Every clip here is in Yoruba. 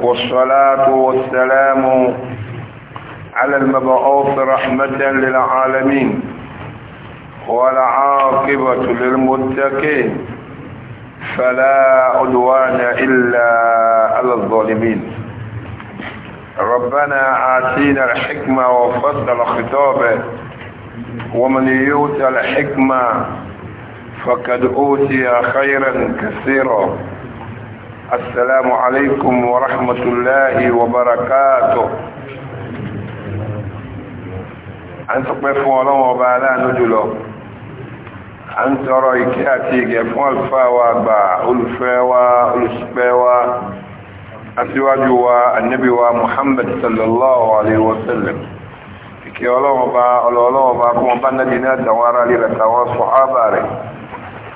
والصلاة والسلام على المبعوث رحمة للعالمين والعاقبة للمتقين فلا عدوان إلا على الظالمين ربنا آتينا الحكمة وفضل خطابه ومن يؤتى الحكمة فقد أوتي خيرا كثيرا السلام عليكم ورحمة الله وبركاته a ń tọpẹ́ fún ọlọ́wọ́ ọba aláàánú jùlọ a ń tọrọ ìkẹ́ àti ìgẹ̀ fún àlùfáà wa àgbà olùfẹ́ wa olùsùpẹ́ wa aṣíwájú wa annabi wa muhammad sallallahu alaihi wasallam ìkẹ́ ọlọ́wọ́ ọba ọlọ́wọ́ ọba kún ọba nàbí náà tàwọn ará lè rẹ̀ tàwọn sọ̀hábà rẹ̀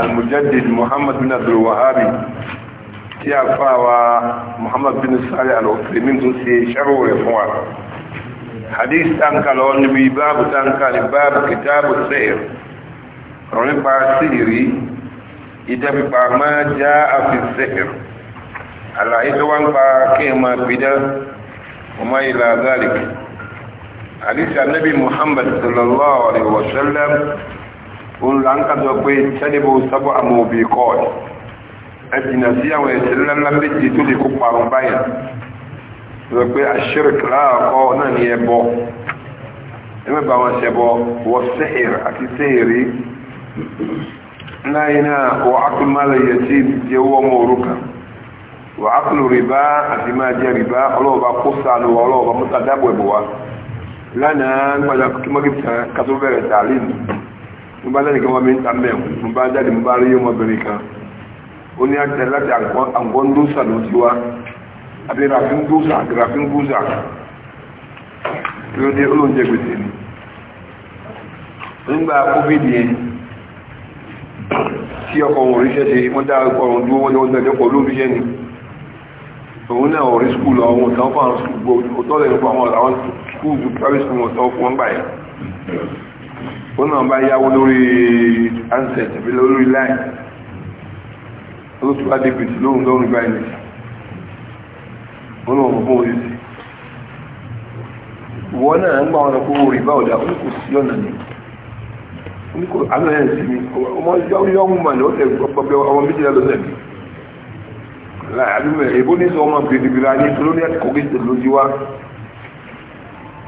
المجدد محمد بن عبد الوهاب tí a fa wa muhammad bin sari al-ukrimin tó ṣe ṣarò rẹ̀ fún wa hadith tanka lọ níbi báàbù tanka ní báàbù kìtàbù sẹ́yìn ọ̀rọ̀ nípa síìrí ìdẹ́pípa máa já àfi sẹ́yìn àlàyé tó wá ń pa kí ẹ máa bìdá ọmọ zalik hadith anabi muhammad sallallahu alaihi wasallam òun là ń kájọ pé sẹ́nibó sábọ̀ àmọ́ kọ́ ẹ̀ sí àwọn ẹ̀sẹ̀ ńláńlá méje tó lè kópa àwọn báyìí sọ pé àṣírìkì náà ní ẹbọ ẹgbẹ́ bá wọn bọ wọ sẹ́hìrì àti sẹ́hìrì láyé náà wọ akùnmọ́lẹ̀ yẹ sí ìdíyẹwọ́ ọmọ òrukàn wọ akùnrin rìbá àti máa jẹ rìbá ọlọ́ọ̀bá kó sànù ọlọ́ọ̀bá mọ́ta dábọ̀ lánàá gbàdá kí mo bá lẹ́nìkan wọn mi ń ta mẹ́wọ̀n mo bá jáde mo bá rí ọmọbìnrin kan ó ní àtẹ láti àgbọn dósà ló ti wá àbí ràfín dósà ràfín dósà ló dé olóúnjẹ gbèsè ni nígbà covid yẹn tí ọkọ̀ wọn ríṣẹ́ ṣe wọ́n dá ọkọ̀ wọn dúró wọ́n dá ọkọ̀ olóríṣẹ́ ni òun náà ọ̀rí skúl ọ̀hún ọ̀tọ́ fún àwọn skúl gbogbo ọ̀tọ́ lẹ́nu fún àwọn skúl private school ọ̀tọ́ fún wọn gbà wọn náà bá yáwó lórí ansẹt àbí lórí láì olóṣù adébìt lóhùn lórí báyìí wọn náà bọ́ orí sí wọn náà ń gbà wọn kó orí bá ọ̀dà ó kò sí ọ̀nà ni ó kò alọ́ ẹ̀ sí mi ọmọ yọ́hún mà ní ó gbọ́gbẹ́ ọmọ méjìlá ló tẹ̀ láì àbí èbó ní sọ ọmọ bìrìbìrì ayé tó lórí àtìkọ́gbé tẹ̀ wa.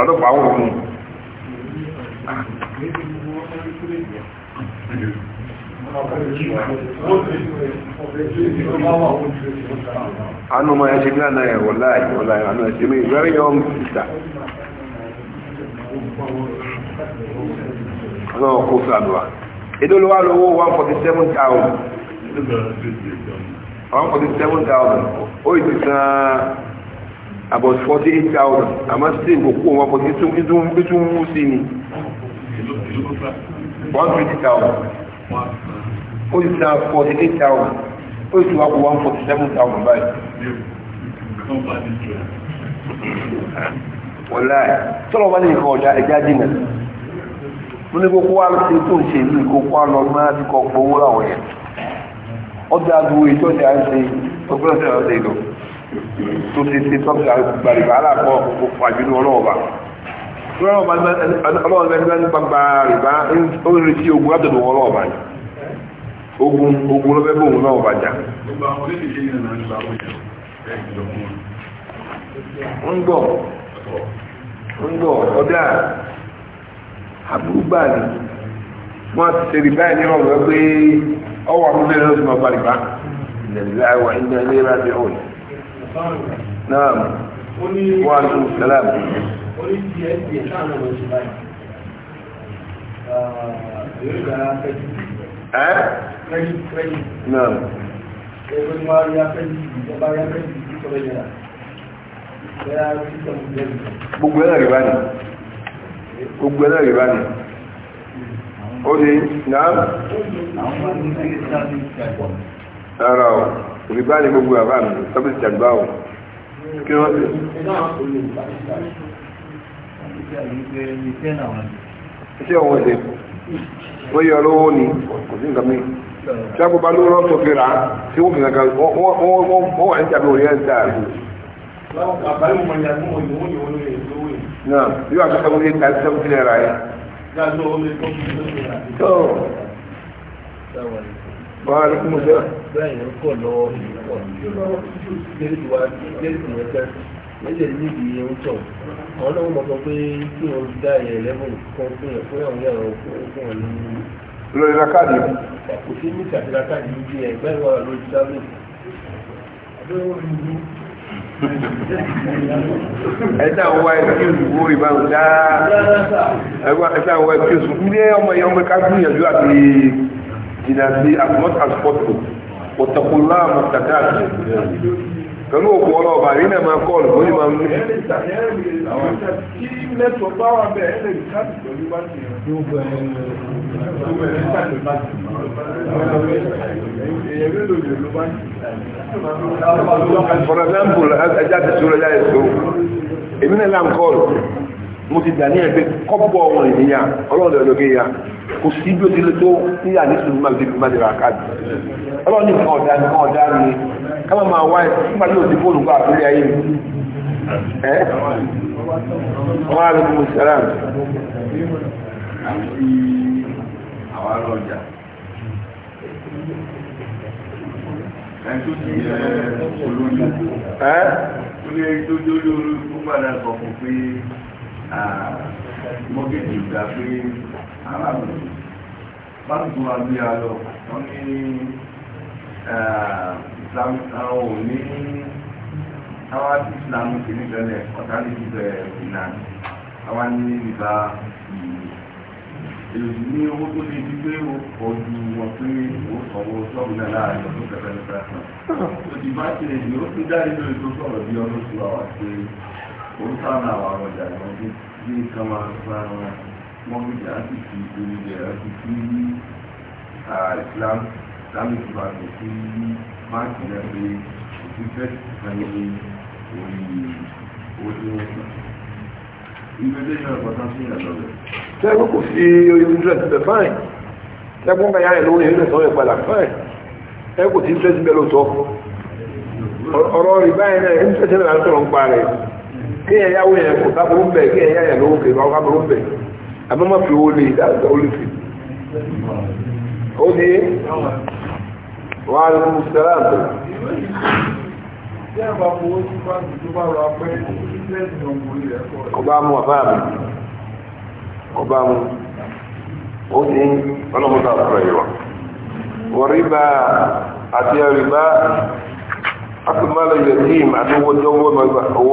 ọlọ́pàá wò fún anuma ya ṣe ní àná ẹ̀wọ̀ láì wọ́n láì àná ẹ̀ṣẹ́ mi very young sister ọlọ́wọ́ kó fún àdúrà ìdólówà lówó 147,000 147,000 ó ìtìsàn about 48,000 àmọ́ still kò kó wọn kò títún títún mú sí ni 120,000 ó ti 48,000 ó ti wá kó 147,000 báyìí wọ́lá tọ́lọ̀ bá ní ìkọ̀ ẹja jìnà mo ní kókó wá tó ń ṣe ìlú ìkókó àlọ́ máa ti kọ̀ gbowó láwọn yẹn ọjà àdúgbò ìtọ́jà ń ṣe ọgbọ́n ṣe ọ̀sẹ̀ tó ti ṣe tọ́pìtà gbàrìgbà aláàpọ̀ gbogbo àjùlọ ọlọ́ọ̀bà ọlọ́ọ̀bà ẹni ọlọ́ọ̀bà ogun wọ́n ti ọ̀rọ̀ pé ọwọ́ Eh? náà wọ́n á tún sẹ́lá bí. ó ní tiẹ̀ tiẹ̀ sáà náà wọ́n ti báyìí. èrè ìdára fẹ́ẹ́ ẹ́ credit credit. náà. ẹgbẹ́ ni wọ́n á yá credit ìjọba yá credit ìjọba yẹn náà gbogbo ẹ̀rọ rí báyìí gbogbo ẹ̀rọ rí báyìí ó ní náà ara o rìbá ni gbogbo àbá mi tọ́bí ìjàgbá o kí wọ́n ti. iṣẹ́ wọn ṣe wọ́n yọ lówó ni kò sí nǹkan mi tí a kò bá lówó lọ́wọ́ tó fi rà á tí wọ́n fi kankan wọ́n wà ní ìjàgbá òye ẹ̀ ń dáa. náà yóò àti sọ́kùn ní ìta sọ́kùn sílẹ̀ rà yẹn. tó wọ́n á lókún mọ̀ṣẹ́ báyìí ń kọ̀ lọ́wọ́ ìpọ̀ jẹ́rìtì wa jẹ́rìtì yẹn tán lẹ́jẹ̀ níbi ẹ̀hún tọ̀ àwọn náà mọ̀ sọ pé kí wọ́n dá ẹ̀ lẹ́mọ̀ kan fún ẹ̀ fún àwọn yàrá fún ẹ̀ ní. lórí lakáàdì. kò sí ní ìtàkì lakáàdì ní bí ẹgbẹ́ wa lórí sábẹ̀. ẹ̀sẹ̀ àwọn wa ẹ̀kíyèsí wo ìbáwò dáa ẹ̀sẹ̀ àwọn wa ẹ̀kíyèsí ilé ọmọ yẹn ọmọ ká gbìyànjú àti jìnnà sí as much as possible òtẹ̀kùnlá mọ̀tàdá pẹ̀lú òkú ọlọ́ọ̀bà yìí náà máa kọ́ọ̀lù ó ní máa mú. for example ẹja ti sọ̀rọ̀ ẹja yẹn sọ̀rọ̀ èmi náà làm mo ti dà ní ẹgbẹ́ kọ́pọ̀ ọmọ ènìyàn ya kò sí bí ó ti lè tó ní àdísùn máa fi máa dìrà káàdì nìkan ọ̀dá nìkan ọ̀dá ni káwọn máa wá ẹ̀sìn tí ó fóònù gbà lórí ayé mi á lè mú tó Ah, mọ́gẹ́tì ìgbà pé aráàlú báńkì wa gbé a lọ wọ́n ní àwọn ah, ah, ò ní àwọn àti ìsìlámù kìíní bẹ̀rẹ̀ ọ̀tálẹ́jì bẹ̀rẹ̀ ìlànà àwọn ní ìgbà hmm, èyí ní owó tó lè di pé ọdún wọn pé ó sọ̀rọ̀ sọ́ọ̀bù náà láàrin ọdún kẹfẹ́ lọ́sẹ̀ kan ó ti bá ṣe èyí ó tún dá nínú ètò sọ̀rọ̀ bí ọdún tó wà wá sí i òun sábà wà ọjà ìwọ̀njú bí nǹkan máa ń fún ara wọn mọ́gìdì á sì fi oríire rẹ̀ fi sí Islam islamic bank sí báńkì náà pé òṣìṣẹ́ kan ní orí ojú ẹ̀sán. invitation ọ̀pọ̀tán sí ìyàlọ́ rẹ̀. sẹ́gun kò sí oyún interest bẹ̀ fáìn sẹ́gun kan yára lórí ìrìnà sọ́yẹ̀ padà fáìn sẹ́gun kò sí interest bẹ̀ ló sọ ọ̀rọ̀ ìbáyìí náà interest bẹ̀ ló sọ̀rọ̀ ń pa rẹ̀ kí ẹ̀yà wọ yẹn kò sábà ń bẹ̀ kí ẹ̀yà yẹn lówó kè lọ́wọ́ sábà ń bẹ̀ àmọ́ má fi owó lè e, dáadáa ó lè fi. ó di wà á lóko sẹ́lá àbẹ̀. ọba mu àbá mi ọba mu ó di ọlọ́mọdé àbúrò yìí wa wọ́n rí bá àti ẹ̀rí bá. Ati ما لا يتيم a هو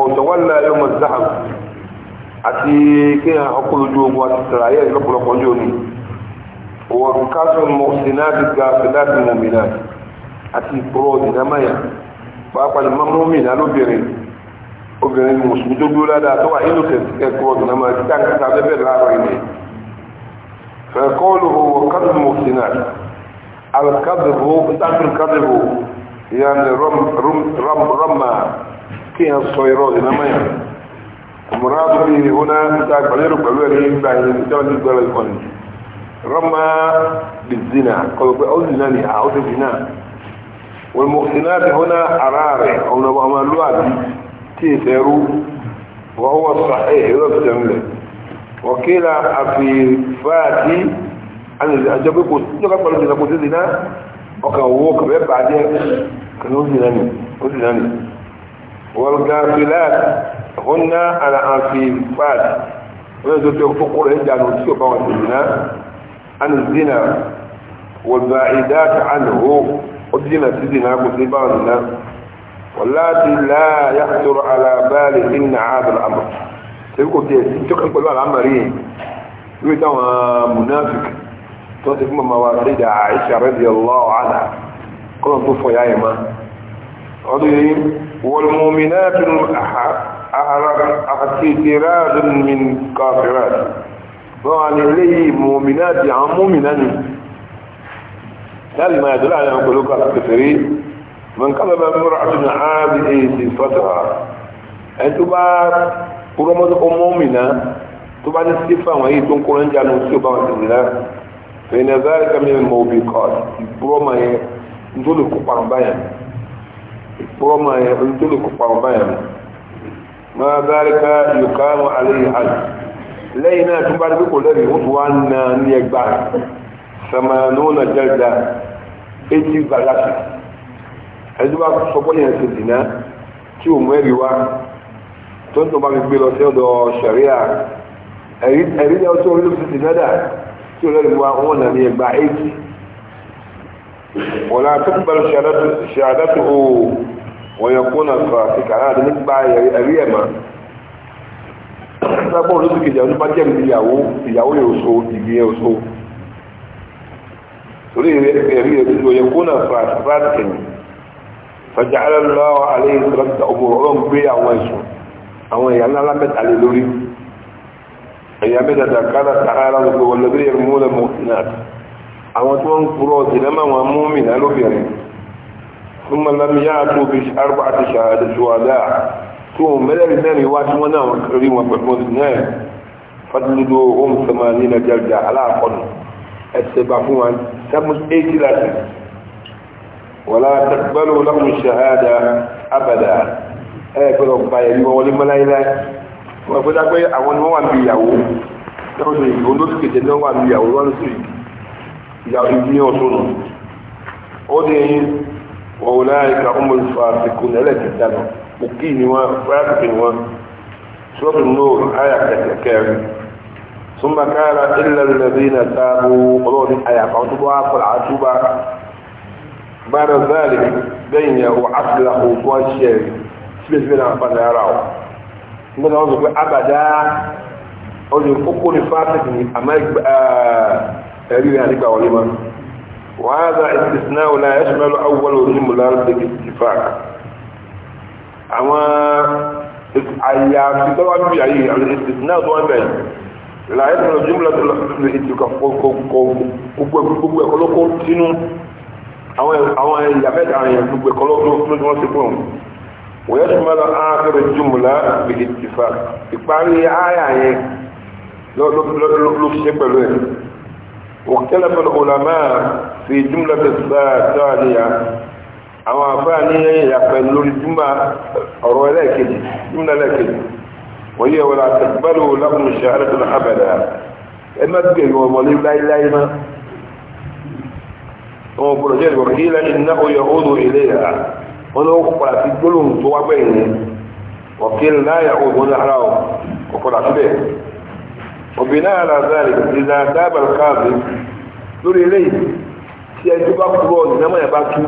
وتولى يوم الذهب àti kí n ọkọ̀ ojú ogun àti tàràyè lọ́pọ̀lọpọ̀ ojú omi wọ́n káṣùn mọ̀ sínáàdì ga sínáàdì mọ̀mìnà àti ìpọ̀rọ̀ ìdámáyà pàápàá ìmọ̀ mọ̀mìnà lóbìnrin obìnrin mùsùlùmí tó dúró dáadáa tó wà nínú kẹ̀kọ́ ìdámáyà tí káńkàtà bẹ́bẹ̀ láàrin ni fẹ̀kọ́ lò wọ́n mọ̀ sínáàdì يعني رم رم رم رمى كيها الصيرات إنما يعني المراد به هنا تعب عليه بلوه ليه بعد الإنسان يقبل القنج رمى بالزنا قالوا أو زناني أو زنا والمحسنات هنا عرارة أو نبأ الوعد تيسيروا وهو الصحيح يضبط جميله وكلا أفي فاتي أن الأجابة يقول لك أقبل الزنا ọkàn owó kọ̀bẹ́ bàjẹ́ kìí ó sì náà nì ó sì náà nì wọ́n ga filat hún ná àrà àfi fat wọ́n tó tó kókó rẹ̀ ń dànù tí ó bá wọn sì nà á nì zina wọ́n bá ìdá ó zina sí zina kò sí bá wọn nà wọ́láti láà yà sọ̀rọ̀ àlàbáàlì ìnà àdàlà àmọ̀ tó ti fún mama wa rida Aisha radiyallahu anha kọ́lọ̀ tó fọ̀ yáyẹ̀ ma ọdún yìí wal mu'minatu ahatiradun min kafirat wọ́n wà ní eléyìí mu'minati àwọn mọ́mìnà ni láti máa dọ́là àwọn pẹ̀lú kàfẹ́fẹ́rí mọ̀ nǹkan bá bá mọ́ra àtúnà ábí èyí fọ́tà ẹ̀ tó bá kúrọ́mọ́tò ọmọ́mìnà tó bá ní sífà wọ̀nyí tó ń kúrọ́ ń jánu tí ó bá wọn ti فإن ذلك من الموبقات بروما ندول كبار بيان بروما ندول كبار بيان ما ذلك يقام عليه حد لينا تبارك الذي وطوانا نيكبار ثمانون جلدة 80 balasi ẹni bá sọ pé yẹn ti dìnnà tí ò mú ẹ̀rí wá tó ń tó bá mi gbé lọ sí ọ̀dọ̀ ṣẹ̀ríà ẹ̀rí ẹ̀rí ni ọtí orílẹ̀-èdè dìnnà dáa tí olórí wa wọn nà ní ẹgbà éjì wọn náà tó ń bẹ̀rù ṣàdátù o wọn yẹ kó nà fà sí kàrá àti nígbà ẹ̀rí ẹ̀mà sábọ̀ olóṣù kejì àwọn bá jẹ́ ìyàwó ìyàwó yóò so ìgbé yóò torí ẹ̀rí ẹ̀rí wọn yẹ kó nà fà sí fàtìkìn fàjà alẹ́ lọ́wọ́ alẹ́ ìsọ̀rọ̀ ọmọ gbé àwọn ẹ̀sùn àwọn ìyá ńlá lábẹ́ta lé lórí ẹ̀yàmẹ́ta dàkádà tààrà lọ́pọ̀ wọlébírí ẹ̀rùmúlẹ̀ mọ́sílát àwọn tí wọ́n ń kúrọ̀ ìdẹ́mà wọn mú mi náà lóbìnrin fún malami yá tó bí arba àti ṣàdà ṣùwádà tó mẹ́lẹ́rì mẹ́rin wá tí wọ́n náà wọ́n rí wọn pẹ̀lú mọ́sílát fatiludo ohun sama ní nàìjíríà aláàkọ́nù wọ́n gbé dágbé àwọn ni wọ́n wà níbi ìyàwó lọ́wọ́ ní ìlú lóṣù kejì ní wọ́n wà níbi ìyàwó lọ́wọ́ sí ìyàwó ní ọ̀tún nù ó ní ọ̀hún náà ìka ọmọ ìfà àsìkò nílẹ̀ ti dànù òkì ni wọ́n fúráàkì ni wọ́n sọ́ọ̀tún náà àyà kẹ̀kẹ́rin ثم قال إلا الذين تابوا قلوا من آية فأتبوا فالعتوبة بعد ذلك بين وعسله وشيء سبيل بنا nígbà wọn sọ pé abàdá olùkókó ní fásitì ní àmà eh, ẹ̀rí rẹ̀ nígbà wọlé mọ́ wọ́n á za ìsìsìnà wọlé ẹ̀ṣùmẹ́lú awọ́lù onímọ̀lá lẹ́gbẹ̀ẹ́ ìfàk àwọn àyàfi tọ́wọ́ bí ayé àwọn ìsìsìnà tó wọ́n bẹ̀rẹ̀ láyé tó lọ jùmọ̀lá tó lọ sí ìtùkà gbogbo ẹ̀kọ́ lókó sínú àwọn ìyàmẹ́ta àwọn ìyàmẹ́ta gbogbo ẹ̀kọ́ lókó sínú ويشمل آخر الجملة بالاتفاق إقبالي آية لو لو لو لو شبلوه واختلف العلماء في جملة الثانية أما فاني يقبلوا الجمعة أو لكن جملة لكن وهي ولا تقبلوا لهم شهادة أبدا إما تقبل ومولي لا إله إلا إما وقيل إنه يعود إليها wọn ló padà sí gbólóhùn tó wá gbẹ̀yìn láyà síbẹ̀ lórí tí bá kúrò bá bá gbé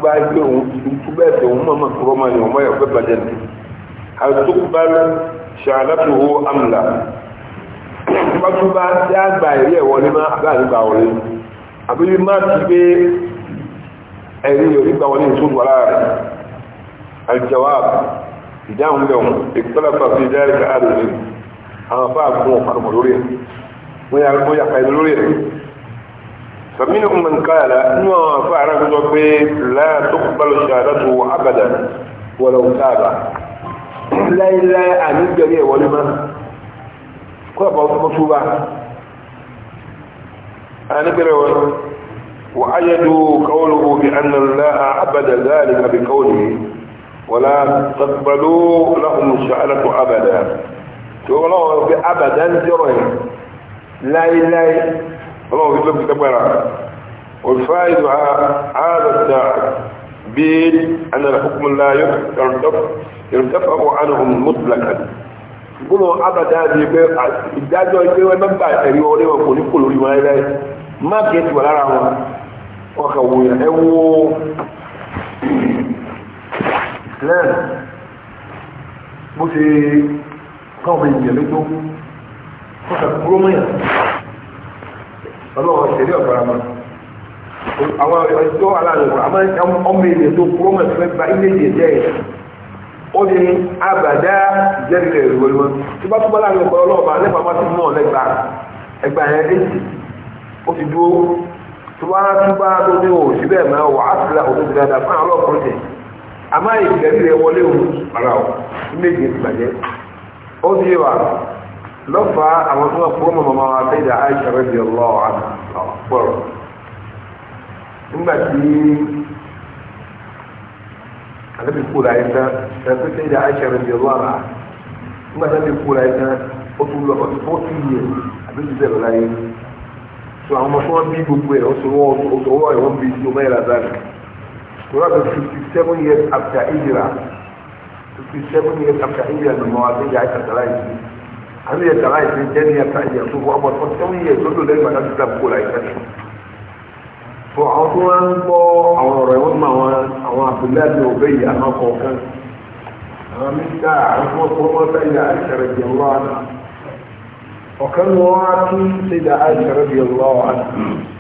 bẹ́ẹ̀ kúrò ọmọ a الجواب إدام لهم اختلف في ذلك أهل العلم أما فاهم قرب لورين ويعلموا يقيد لورين فمنهم من قال إنه فعل لا تقبل شهادته أبدا ولو تاب لا إلا أن يجري ولما كل بعض مطوبة أنا بروي وأيدوا قوله بأن الله عبد ذلك بقوله ولا تقبلوا لهم الشعلة أبدا تقولوا الله في أبدا جرهم لا إلا الله في لبك تبرا والفائد هذا التعبيد أن الحكم لا يرتفع عنهم مطلقا يقولوا أبدا إدادوا يقولوا ما بعد يقولوا يقولوا يقولوا يقولوا ما كنت ولا رأوا وكوين أوه islam bó ṣe káwọn ènìyàn lójó ó ṣàkúrò mọ́yà ọlọ́run ṣẹlẹ̀ ọ̀gbọ̀n àmọ́ àwọn ẹjọ́ aláàrẹ̀wò àmọ́ ọmọ ènìyàn tó kúrò mọ́ fẹ́ gba ilé ìdíyẹ jẹ́ ẹ̀ ó ní abàdá jẹ́rìí ẹ̀rù wọlé wọn tí bá túbọ̀ láàrin ọ̀pọ̀ ọlọ́ọ̀bà lẹ́fà má ti mọ̀ lẹ́gbà ẹgbà yẹn èjì ó ti dúró tí wọ́n á túbọ̀ tó ní òṣìbẹ̀ mọ́ wàá sílẹ̀ òṣìṣẹ́ dáadáa fún àwọn ọlọ́ọ̀kùnrin amaghị ìgbẹ̀rí ndị wọlé òun ara ọ̀ méje ti bàjẹ́ ó bí wà lọ́fà àwọn tó wà fún ọmọ màmá wa fẹ́ ìdá Aisha rẹ̀bí ọlọ́ọ̀ àpọ̀rọ̀ da Aisha rẹ̀bí ọlọ́ọ̀ a nígbàtí àlẹ́bí kú anyị tán ó tún lọ ọtí fọ́tí yẹ àbí tura da 57 years after hijira 57 years after hijira da mawaƙi da aka tsara yi har yi tsara yi sai jani ya ta iya su ko abuwa 47 years lọ́dọ̀ lẹ́yìn bàtà títà kó la ìta sùn. tó àwọn tó wá ń gbọ́ àwọn ọ̀rọ̀ ẹ̀wọ̀n mọ àwọn àwọn abdullahi ní òbẹ́ yìí àwọn kọ̀ọ̀kan àwọn mista àwọn tó wọ́n wọ́n àìsàrẹ̀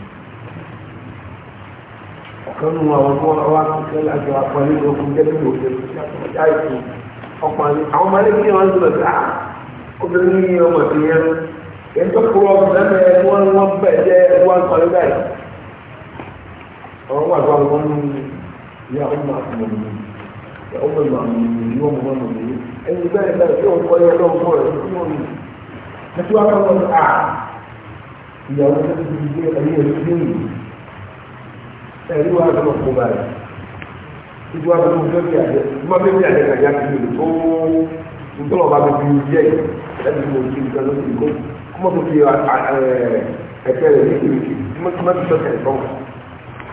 kanu àwọn ọmọ wa kẹlẹ àjọ àpọlẹ ogun jẹbi òde láìsí ọpọlẹ àwọn ọmọ alẹbi wọn ti lọ sí ah obìnrin ní ọmọ ti yẹn yẹn tó kúrò ọmọdé wọn wọn bẹ jẹ wọn kọlẹ báyìí ọwọ́ àgbà wọn ní ìyá ọmọ àtìmọ̀ nìyí ìyá ọmọ ìmọ̀ àmì nìyí wọn mọ̀ wọn nìyí ẹni bẹ́ẹ̀ bẹ́ẹ̀ tí òun kọ́ yẹ lọ́wọ́ fún ẹ̀ fún wọn nìyí ẹtí wọn kọ́ wọn ní ah ìyàwó tó ti di ẹ̀yẹ ìdílé yìí ẹ̀rí wa lọ́nà fún ba rẹ̀ ìdí wa lọ́nà fún bí àjẹ ìmọ̀ bí àjẹ kà já kí lè tó ntọ́lọ̀ bá bíbí jẹ́ ẹ̀rí mo ti nǹkan ló ti kó kọ́mọ́ tó fi ẹ̀kẹ́ rẹ̀ ní ìrìkì kọ́mọ́ tó sọ kẹ̀rẹ̀ tán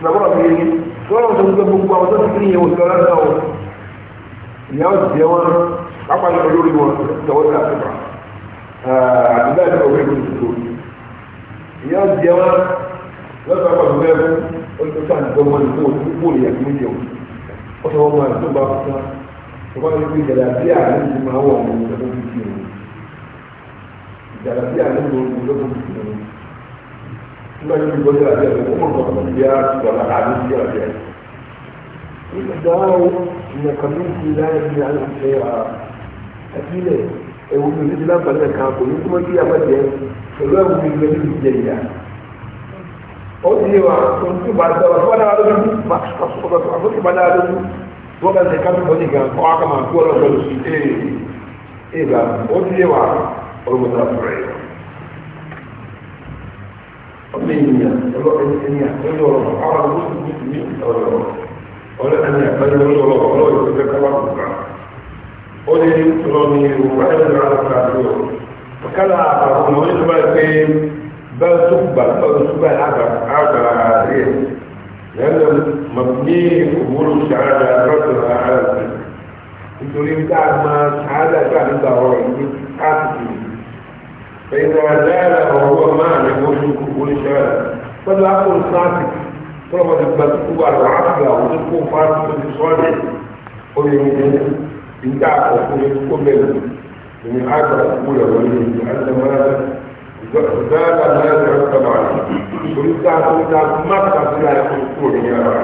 ìgbàgbọ́dọ̀ fi yé tọ́lọ̀ tó gbé gbogbo àwọn tó ti kí ìyẹn òṣèlú ọ̀rẹ́ náà ìyàwó ti jẹ wọn pápá ìlú olórí wọn tọwọ́ sí àtúbà àdúgbò ìgbà ìgbà òwe ìgbà ìgbà ìyàwó ti jẹ wọn lọ́sọ̀ àwọn ọ̀dọ́ mẹ́rin olùkọ́sọ́ àti gbọ́mọ ní kó ní kó ìyà tó jẹun ó sọ wọn àti tó bá fún wa tó bá ní pé ìjàdá sí àárín ti máa wọ̀ ní ọdún tó fi hàn ìjàdá sí àárín tó fi ọdún tó fi hàn tí wọ́n ti gbọ́dọ̀ àti ẹ̀rọ kó mọ̀ kọ́ ọ̀dọ́ bí a sọ̀rọ̀ àárín sí ọ̀dẹ́ ìdáwó ìyàkàmíkì láyé ní àlùfẹ́ àtìlẹ̀ ẹ̀wù ní ìdílé àbálẹ̀ kan kò ní kí wọ́n kí abájẹ́ pẹ̀lú ẹ̀wù ní ìgbẹ́ ó di wa tó ń túbà dá wa túbà dá wa lójú bá tó túbà dá wa lójú wọ́n bá ṣe káfí kọ́ ní gan ọ́ kà máa kú ọ̀rọ̀ pẹ̀lú sí ee ee bá ó di wa ọ̀rọ̀ tó tó rẹ̀ ọmọ ènìyàn ọlọ́run ènìyàn lọ́dọ̀ ọ̀rọ̀ àwọn olóṣèlú ní ọ̀rọ̀ ọ̀rọ̀ ènìyàn lọ́dọ̀ ọ̀rọ̀ ọlọ́run tó fẹ́ káwá kù kà ó lè lọ́ọ́ ní ìwọ̀n wáyé lọ́dọ̀ àlọ́ بل تقبل بل تقبل عبر هي لأن مبني أمور السعادة ربنا على الفكر تريد ما السعادة كان ضروري فإذا زال وهو معنى وجود أمور السعادة فلا أقول صادق طالما تقبل تقبل عقلا وتكون فاسد صادق قل يمكن إن تعرف قل يكون من عقل أولى وليه لأن ماذا zaka na ya zara ta ba ne kuri ta kuri ta kuma ta suna ya kuri kuri ya ba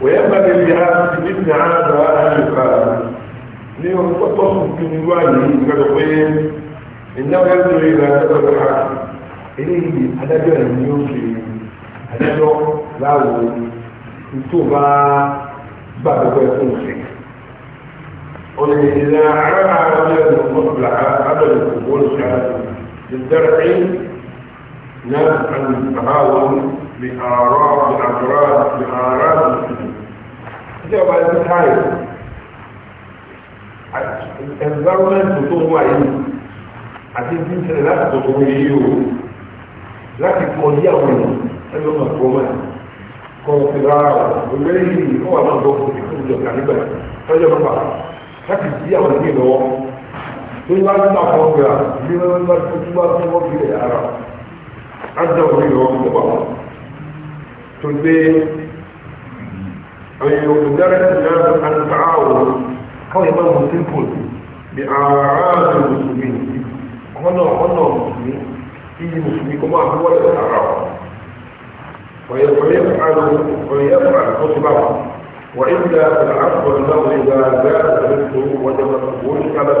wa ya ba da biya su bi ta an da wa an yi fara ni wani kwakwa su kini ruwa ne ga da eléyìí adájọ́ ẹ̀ ni ó ṣe adájọ́ láwo tó bá gbàgbọ́ ẹ̀ fún ọ̀nà ìlànà àárọ̀ àárọ̀ ẹ̀ الدرع نافعا تهاون لآراء الأمراض لآراء المسلمين ìjọba ẹni káyọ̀ ẹ̀nvárọ́mẹ́ntì tó wà yìí àti bí ń ṣẹlẹ̀ láti tọ̀tọ̀ yìí o láti kọ yí àwọn èèyàn ẹni ọmọ ẹ̀kọ́ mọ́ kọ́ ti rárá o ìwé yìí ó wà náà lọ́wọ́ ìkúrú jọ̀ká nígbà tọ́jọ́ mọ́pà láti yí àwọn ènìyàn lọ́wọ́ tí wọ́n bá fọ́ pé à bí wọ́n bá tó tí wọ́n fọ́ pé ara ájá òní lọ fún wa tó dé ẹ̀yìn òkúdárẹ́ ti náà àǹtà àwọ̀ káwọn ìmọ̀ mọ̀ simple bí àárẹ̀ mùsùlùmí ọ̀nà ọ̀nà mùsùlùmí iye mùsùlùmí kọ́ máa fi wọ́lẹ̀ ara wa ويفعل خطبه وإلا فالعفو له إذا زاد مثله وجبت وجبت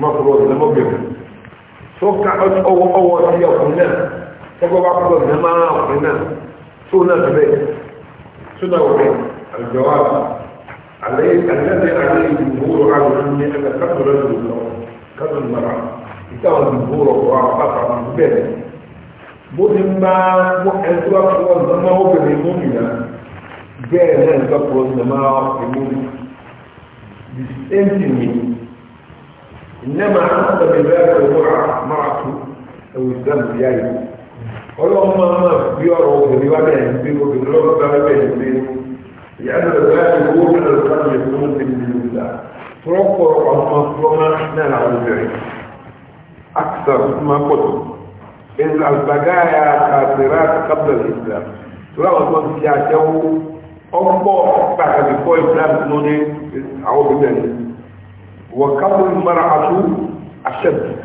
mọ́kúrọ̀ ìlẹ́mọ́gbẹ̀rẹ̀ tó ká ọwọ́ ọwọ́ sí ọkùnrin náà ẹgbẹ́ bá kúrò ní máa ọkùnrin náà tó náà tẹ̀lé tó náà wọ̀lẹ̀ àjọwà alẹ́ alẹ́ alẹ́ ìgbòho àrùn ní ẹgbẹ́ kátólọ́ ìgbòho kátólọ́ mara ìtàwọn ìgbòho ọ̀rọ̀ àpapọ̀ àti bẹ́ẹ̀ bó ti máa mú ẹtú àkọ́kọ́ ìdáná the same thing إنما عند بذلك المرعى مرعته أو الزمد يعني قالوا أما أما بيارو بيوانين بيو بيو بيو بيو بيو يعني ذلك يقول من الزمد يكون من الله تركوا رقم مصرما إحنا نعود أكثر ما قلت إن البقايا كاثرات قبل الإسلام تلاوة الله في جاءته أمبو بعد بكل إسلام نوني أعود بيو وكم المرأة أشد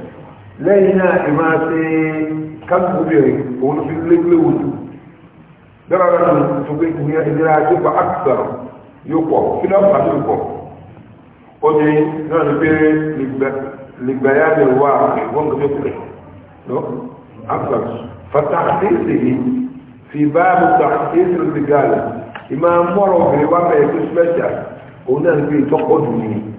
لينا إماسي كم مبيري ونفي الليل درجة تبين هي إذا تبقى أكثر يقوى في نفس يقوى ودي إيه؟ نحن بيه لبيان الواقع وانك يقوى أكثر فتحسيسه في باب تحسيس الرجال إمام مرة في رواقع يكون هنا في بيه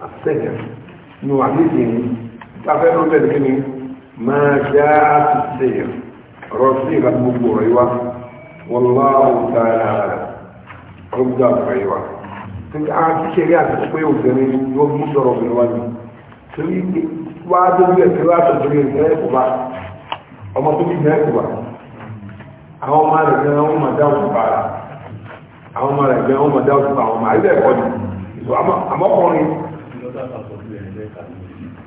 a ní àdéhìí ni táfẹ́ ló bẹ̀rẹ̀ kí ni máa já àtẹ̀yẹ̀ ọ̀rọ̀ sí ìlà gbogbo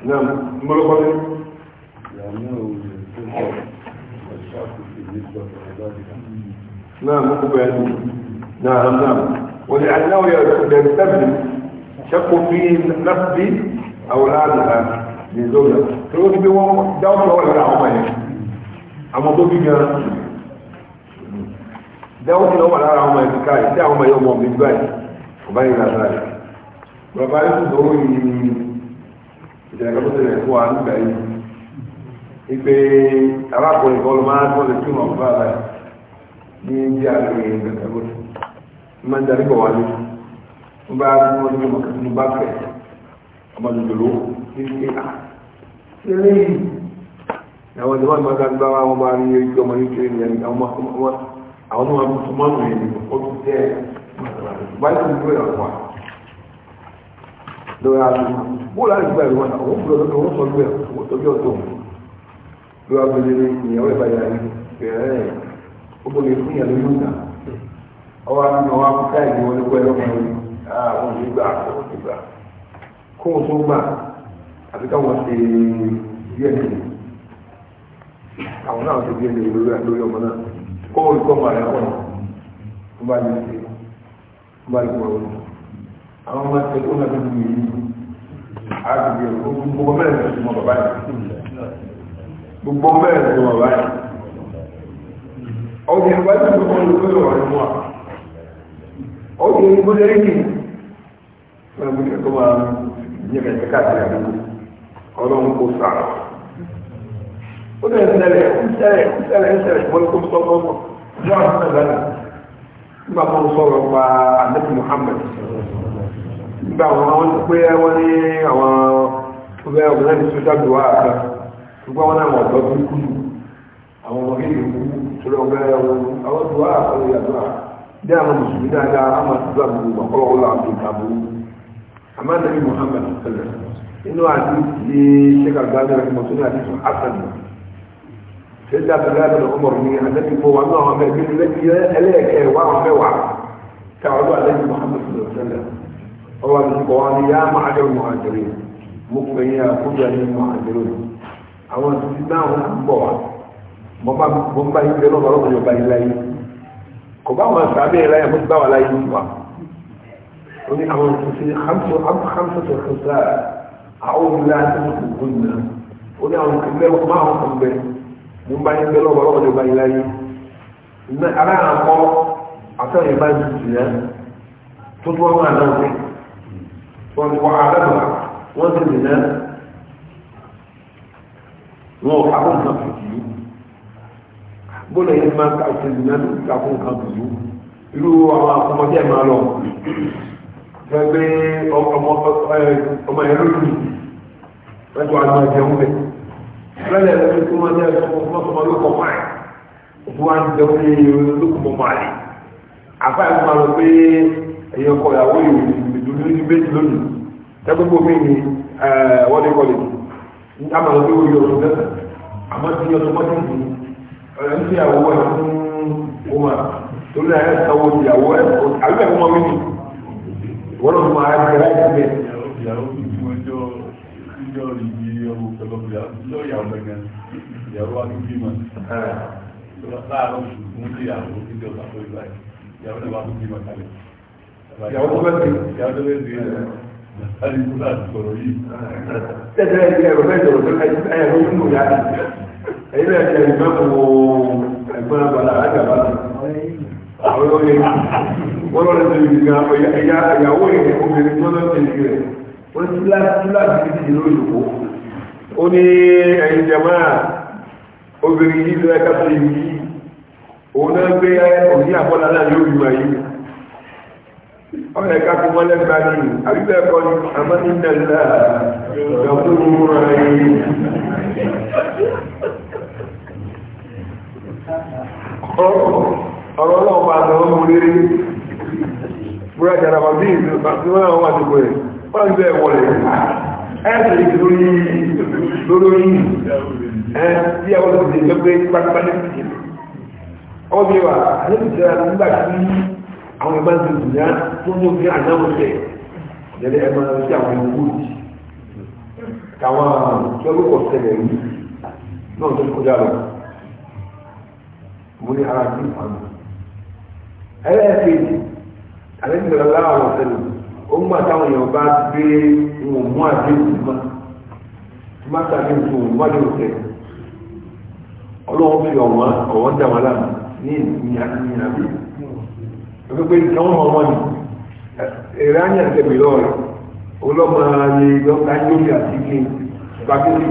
náà mọ́lọ́kọ́lé. نعم مقبل نعم نعم ولأنه يستبدل شك في نفس أولادها لزوجها تقول بي دولة ولا عمية أما ضبيا دولة ولا عمية كاي دعوة يوم من بعد وبين ذلك وبعد ظهور ìṣẹ̀lẹ̀ kan tó ṣẹlẹ̀ fún wa nígbà yìí ipe arákùnrin kan ló máa ń tọ́lẹ̀ tí wọ́n bá rẹ̀ ní bí àgbẹ̀ ìgbẹ̀gbẹ̀ bó ti máa ń darí bọ̀ wá ní wọ́n bá rí wọ́n ní ọmọkẹ́ tó bá fẹ̀ ọmọ dòdòdò ní ṣe à ṣẹlẹ̀ yìí àwọn ìjọba ìgbà kan gbá wọn bá rí ojú ọmọ yìí kiri nìyẹn àwọn ọmọ àwọn ọmọ tó máa ń rìn ní ọdún tẹ́ báyìí tó ń gbé ọ̀pọ̀ lórí bó láti gba ìwọ náà òun gbọ́dọ̀ lọ́dọ̀ òun sọ lóyè òun tọjú ọ̀tọ̀ ló wá gbélé ní ìyàwó ẹ̀ báyà ní bẹ̀rẹ̀ ẹ̀ ó bọ̀ lè fún ìyàwó yóò nà ọwọ́ àti ọwọ́ akọ́kọ́ ìdí wọn ló kọ́ ẹ̀rọ kan yìí àwọn òní gbà àwọn òní gbà kó o tó gbà àti ọmọ náà ọmọ rẹ̀ ọmọ ẹgbẹ́ tó àgbègbè gbogbo mẹ́rin tó bàbá yìí gbogbo mẹ́rin tó bàbá yìí ọdún ìgbà tó gbogbo olùkọ́ yóò wà nínú wa ọdún ìgbà ìgbà nígbà àwọn àwọn tó pé wọ́n ní àwọn ọgbẹ́ ọgbẹ́ ní social media àkà ṣùgbọ́n wọn náà ọ̀dọ́ tó kú àwọn ọmọ kéèké kú tó ọgbẹ́ àwọn tó wà àkọ́ ìyàtọ̀ à dé àwọn mùsùlùmí dáadáa á máa tún àbúrò ọ̀pọ̀lọpọ̀ láàbò ìtàbùrù àmọ́ nàbí Muhammad sẹlẹ̀ inú àti ti ṣẹ́ka gbàgbé rẹ̀ mọ̀tún ní àdìsùn hasan sẹ́dá abdullahi bin umar ni anabi fún wa náà wọn bẹ̀rẹ̀ bí ẹlẹ́kẹ̀ẹ́ wà wọn bẹ̀ wà táwọn ọdún alẹ́ bí Muhammad sọ̀rọ̀ sẹ́lẹ̀ ọwọ́ àdúgbò wa ni yá máa jẹ́ muhajirin mo pè é àkójọ ní muhajirin àwọn títí náà wọ́n ń bọ̀ wá mo ń bá yín bẹ́ẹ̀ lọ́wọ́ lọ́wọ́ yóò bá yín láyé kò bá wọn sábẹ́ láyé mo ti bá wà láyé wà ó ní àwọn títí hamsu tó tó sáà àwọn náà ní wọ́n ti kọ́ àdàbà wọ́n ti dì náà wọn ò kápọ̀ nǹkan fìdí bọ́lá yẹn máa ń ká òfin dì náà lórí kápọ̀ nǹkan fìdí irú àwọn akọmọdé ẹ̀ máa lọ gbẹgbẹ ọmọ ẹ̀ lórí wọ́n ti wà lọ́wọ́ ìjẹun bẹ́ẹ̀ lọ́lẹ̀ lórí kí wọ́n jẹ́ ọmọ lóko máa òfin wa ń jẹun ní olókùnmọ́ máa lè àbáyé máa lọ pé èyí ọkọ ìyàwó ìwé ìdúró ní méjì lónìí tẹ́gbẹ́gbẹ́ omi ni wọ́n lè kọ́lé ní amàlọ́ tó yọ ọdún mẹ́ta àmọ́ tí ọdún mọ́tò ní ọ̀rẹ́ ní ìyàwó ẹ̀ fún ọmọ torí ẹ̀ sanwó ìyàwó ẹ̀ àbíkẹ́ fún ọmọ mi wọ́n lọ́dún máa ń jẹ́ láì sílẹ̀. ìyàwó ti fún ẹjọ́ ìjọ ìdí ọmọ pẹ̀lọ́pẹ̀lọ́ lọ́ọ̀yà ọ̀gbẹ̀gàn ìyàwó akíkímọ̀ láàárọ̀ ṣùgbọ́n ìyàwó ìjọba tó ìgbà ìyàwó ìjọba tó ìgbà kalẹ̀ ìyàwó tó bẹ́ẹ̀ di ìyàwó tó bẹ́ẹ̀ di ẹ̀ láti kú láti sọ̀rọ̀ yìí. tẹ́tẹ́ ẹ̀yẹ ẹ̀rọ bẹ́ẹ̀ jọ̀rọ̀ tẹ́tẹ́ ẹ̀yẹ ló ń lò yá ni ẹ̀yẹ bẹ́ẹ̀ jẹ́ ìgbẹ́ mọ̀ ẹ̀gbọ́n agbára àgbàbá àwọn ọ̀yẹ́ wọ́n lọ́ọ́ lẹ́sẹ̀ yìí gan ẹ̀yà ìyàwó yẹn obìnrin tó lọ́ọ́ tẹ̀lé rẹ̀ wọ́n ti láti láti fi ti lóyún kó. ó ní ẹ̀yin jẹ̀mọ́ obìnrin yìí lọ́ọ́ kásẹ̀ yìí òun náà gbé òní àbọ̀dá náà yóò yí ọmọ ẹ̀ka fi wọ́n lẹ́gbàá ní àbíbẹ̀ ẹ̀kọ́ ni àmọ́ ní nàìjíríà ìjọkúrú rẹ̀ ọ̀rọ̀ ọlọ́run bá àtàwọn ọmọ orí rí múra jàdà bá bí ìlú bá tí wọ́n wà tó pẹ̀lú wọ́n bẹ̀ ìwà àti ìjọba nígbà àwọn ẹgbẹ́ ti dùn yá tó mú sí àdáwọ̀ tẹ̀ lẹ́lẹ́ ẹ máa sí àwọn ẹgbẹ́ òjì káwọn lọ́lọ́kọ̀ tẹ̀lẹ̀ rí náà tó kọjá lọ mo ní ara sí ìfàmù ẹlẹ́ẹ̀kejì àlẹ́ ìgbàlá láwọn ọ̀sẹ̀lẹ̀ ó ń gbà táwọn èèyàn bá gbé wọn mú àdéhùn mọ́ má sàbí tó wọn wájú òtẹ̀ ọlọ́wọ́ fi ọ̀wọ́n ọ̀wọ́n dà wọn láàmú ní ìyàbí pé nǹkan ọmọ ọmọ ni èrè á yàn tẹ̀mí lọ́rẹ̀ olọ́mọ ayé lọ́ka yóò yà sí kí n pàkíyèsí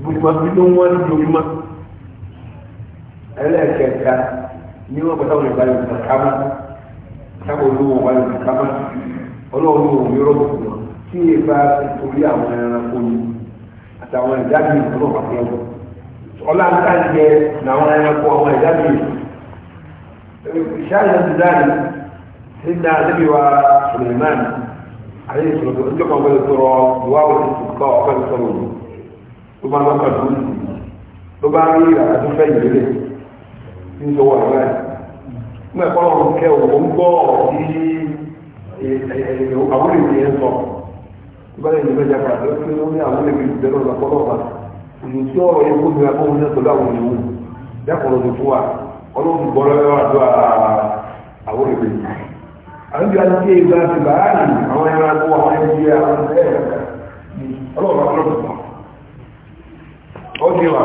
gbogbo àti tó ń wá ní ojúmọ́ ẹlẹ́ẹ̀kẹta ní wọ́n pẹ̀lú àwọn ìbáyọ̀ ìtàkámá sábà olówó ìbáyọ̀ ìtàkámá ọlọ́run òun yọ̀rọ̀ شاهد ذلك سيدنا النبي وسليمان عليه الصلاة والسلام عندما قال التراب دعاء الاستسقاء قال الصلوات ثم نقل كل ló bá rí àdó fẹ́ ìrẹ́lẹ̀ ní sọ wà láì mú ẹ̀kọ́ ọ̀rọ̀ kẹ òun gbọ́ ní àwọn èdè ẹ̀ sọ tó bá lè ní mẹ́jà pàdé ó pé ó ní àwọn èdè ìjọba lọ́nà kọ́lọ́ọ̀bà òun tí ọ̀rọ̀ yẹn kó nira kó nira pẹ̀lú àwọn ènìyàn dákọ̀rọ̀ tó fún wa ọlọ́run gbọ́ lọ́wọ́ àdúrà àwọn èdè àbíbi àdúgbò ìgbà àti bàárì àwọn ẹranko àwọn ẹbí àwọn ẹgbẹ́ ọlọ́run àtọ́lọ́run pọ̀ ọdún ìwà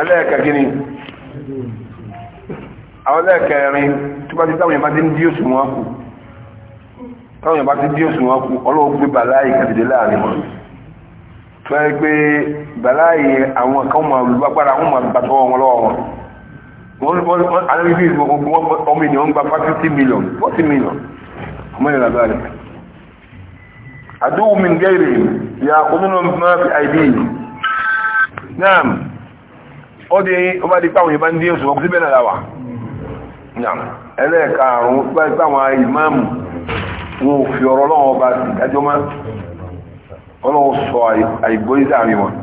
ẹlẹ́ẹ̀kẹ́ gíní àwọn ẹlẹ́ẹ̀kẹ́rin tó bá ti táwọn ìbá ti ń dí òṣùwọ̀n kù táwọn ìbá ti dí òṣùwọ̀n kù ọlọ́run gbé bàláì kàdìdé láàrin wọn tó yẹ pé bàlá yìí àwọn kan máa lùgbàgbára wọn máa gbà tọwọ́ wọn lọ́wọ́ wọn alábíbí ọmọ ènìyàn ń gba fásitì mílíọ̀n fọ́tí mílíọ̀n ọmọ ìrìn àgbà rẹ̀ àdúgbò mi gẹ́rẹ̀ ya onínú máa fi àìdí náà ó dé ọba di páwọn ìbá ń dín oṣù ọkùnrin bẹ́ẹ̀ náà wà ẹlẹ́ẹ̀karùn-ún pẹ́ pẹ́ àwọn ìmáàmù wọn ò fi ọlọ́wọ́ sọ àìgbóyí sáàrin wọn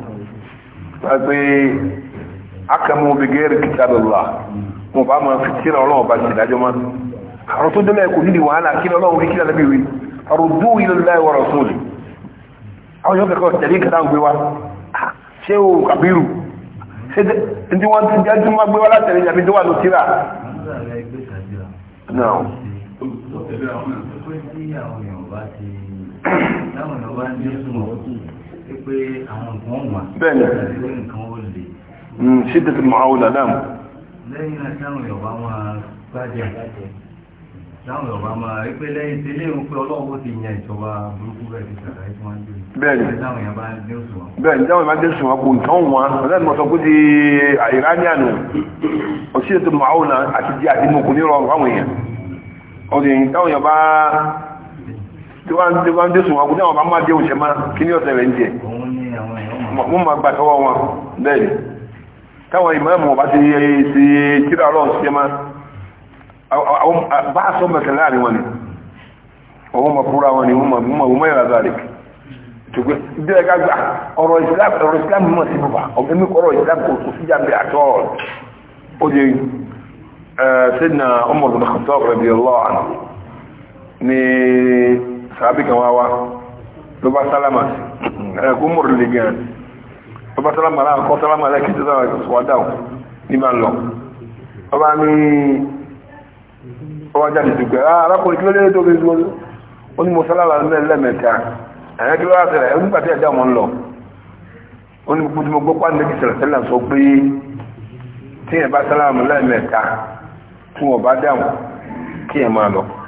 pé akamu bigeri kitabillah mo bá máa fi kíra ọlọ́wọ́ bá ti dájọ́ máa àrùn tó délẹ̀ kò nílì wàhálà kíra ọlọ́wọ́ rí kíra lẹ́bí wí àrùn dú ilẹ̀ láì wọ́rọ̀ fún òlì àwọn yóò kẹ́kọ̀ọ́ tẹ̀lé kẹta ń gbé wa ah, o kàbírù ṣé tí wọ́n ti dájú máa gbé wa látẹ̀lé ìjàbí tó wà táwọn èèyàn bá ní sùn pé àwọn nǹkan wà bẹ́ẹ̀ ni nǹkan ó lè ṣídẹ̀ tí màá wùlà dáàmú. lẹ́yìn náà táwọn èèyàn bá máa gbájẹ táwọn èèyàn bá máa rí pé pé ọlọ́wọ́ ti yan ìjọba burúkú bẹ́ẹ̀ ti sàrà tí wọ́n ń gbé. bá ń dé òṣùwọ̀n. bẹ́ẹ̀ ni bá ń dé òṣùwọ̀n kò tán wọn ọ̀sẹ̀ mọ̀ ti àìránìànù òṣìṣẹ́ tó màá wùlà àti tí wọ́n tí wọ́n dé sùn wọn kò ní àwọn máa jẹ́ òṣèmá kí ní ọ̀sẹ̀ rẹ̀ ń jẹ wọ́n máa gbà tọwọ́ wọn bẹ́ẹ̀ táwọn ìmáàmù ọba ti ti tíra ọlọ́run sí ẹmá bá sọ mẹ́kẹ̀ láàrin wọn ni ọwọ́n máa kúra wọn ni wọ́n máa yàrá zalik tùgbẹ́ bí ẹ̀ka gbà ọ̀rọ̀ islam ọ̀rọ̀ islam mọ̀ sí bàbá ọ̀gbẹ́mí ọ̀rọ̀ islam kò sí jàmbé àtọ́ ó di سيدنا eh, sàábì kan wá wá ló bá sálámà ẹ̀kú mọ̀rọ̀ lè gẹ̀rẹ̀ ló bá sálámà láà kọ́ sálámà lẹ́kì tó sára wádà ní bá lọ ọba ní ọba jáde tó gbẹ̀ ah, arákùnrin kí ló lé tó fi gbọ́ ó ní mo sálámà lẹ́mẹ̀ta ẹ̀yẹ́ kí ló rà sẹ̀rẹ̀ nígbà tí ẹ̀dá wọn lọ ó ní gbogbo tí mo sẹ́lẹ̀ ẹ̀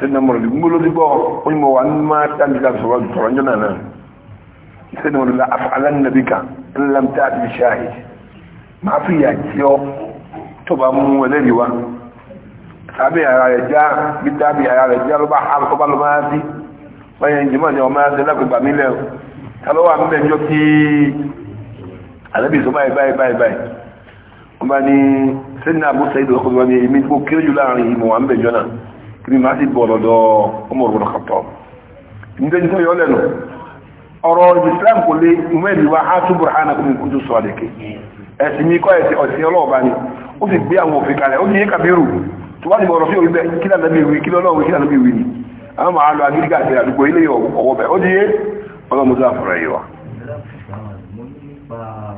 sẹ́ni mọ̀lẹ́bí gbólórí bọ́ wọ́n mọ̀ wà ní máa tàbí ká sọ̀rọ̀ sọ̀rọ̀ ń jọ́nà náà sẹ́ni mọ̀lẹ́bí la alánàbí kan ńlám tá a ti ṣáàyè máa fi yà tí ọ tó bá mú ẹlẹ́rìí wa tàbí ara rẹ̀ já bí tàbí ara rẹ̀ já ló bá ha tó bá ló máa sí wọ́n yẹn jìmọ̀ ni ọmọ ẹ̀sẹ̀ lágbègbè mi lẹ̀ tàbí wà mẹ́ jọ kí alẹ́bí sọ báyìí báyìí báyìí báyìí wọ́n bá ní sẹ́ni àbúṣe ìdòkòtò wọn ni èmi kó kéré jù láàrin ìmọ̀ wà ń bẹ̀ jọ náà kiri máa ti bọ̀ lọ́dọ̀ ọmọ òrùn kàtọ́ nítorí tó yọ lẹ́nu ọ̀rọ̀ Islam kò lé mẹ́rin wa á túbọ̀ hánà kún kújú sọ àdèké ẹ̀sìn mi kọ́ ẹ̀sìn ọ̀sìn ọlọ́ọ̀bá ni ó sì gbé àwọn òfin kalẹ̀ ó ti wa.